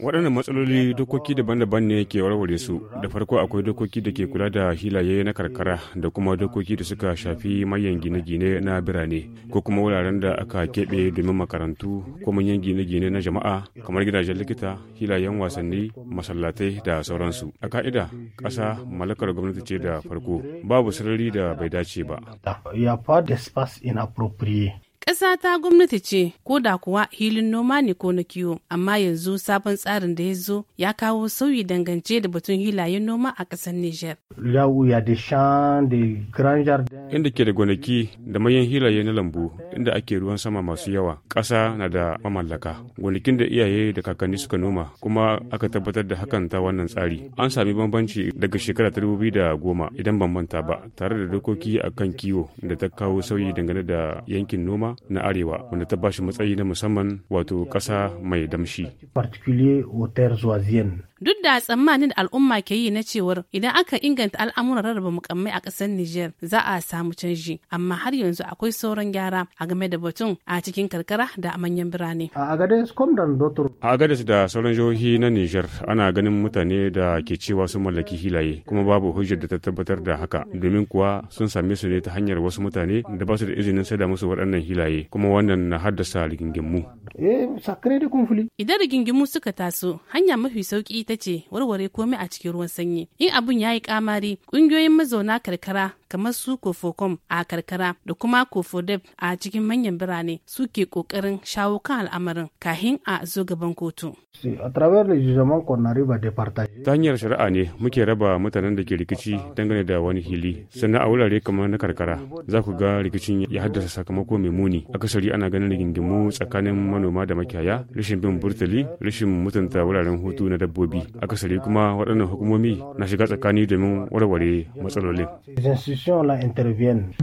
Waɗannan matsaloli dokoki daban-daban ne ke warware su. Da farko akwai dokoki da ke kula da hilaye na karkara da kuma dokoki da suka shafi manyan gine-gine na birane ko kuma wuraren da aka keɓe domin makarantu ko manyan gine-gine na jama'a kamar gidajen likita, hilayen wasanni, masallatai da sauransu. A ka'ida, ƙasa mallakar gwamnati ce da farko. Babu sarari da bai dace ba. Ƙasa ta gwamnati ce ko da kuwa hilin noma ne ko na kiwo, amma yanzu sabon tsarin da ya zo ya kawo sauyi dangance da batun hilayen noma a ƙasar Nijar. Inda ke da gonaki da manyan hilaye na lambu inda ake ruwan sama masu yawa, ƙasa na da mamallaka. Gonakin da iyaye da kakanni suka noma kuma aka tabbatar da hakan ta wannan tsari. An sami bambanci daga shekara ta da goma idan ban manta ba, tare da dokoki akan kiwo da ta kawo sauyi dangane da yankin noma na arewa wanda ta bashi matsayi na musamman wato ƙasa mai damshi. duk da tsammanin da al'umma ke yi na cewar idan aka inganta al'amuran rarraba mukammai a ƙasar Nijar za a samu canji amma har yanzu akwai sauran gyara a game da batun a cikin karkara da manyan birane. A Agadez da sauran jihohi na Nijar ana ganin mutane da ke cewa sun mallaki hilaye kuma babu hujjar da ta tabbatar da haka domin kuwa sun same su ne ta hanyar wasu mutane da ba su da izinin saida musu waɗannan hilaye kuma wannan na haddasa rigingimu. Eh, idan rigingimu suka taso hanya mafi sauki ita ce warware komai a cikin ruwan sanyi in abun ya yi kamari ƙungiyoyin mazauna karkara kamar su kofokom a karkara da kuma kofodep a cikin manyan birane suke kokarin shawo kan al'amarin kahin a zo gaban kotu ta hanyar shari'a ne muke raba mutanen da ke rikici dangane da wani hili sannan a wurare kamar na karkara za ku ga rikicin ya haddasa sakamako mai muni akasari ana ganin rigingimu tsakanin manoma da makiyaya rashin bin burtali rashin mutunta wuraren hutu na dabbobi akasari kuma waɗannan hukumomi na shiga tsakani domin warware matsalolin institutions-là interviennent.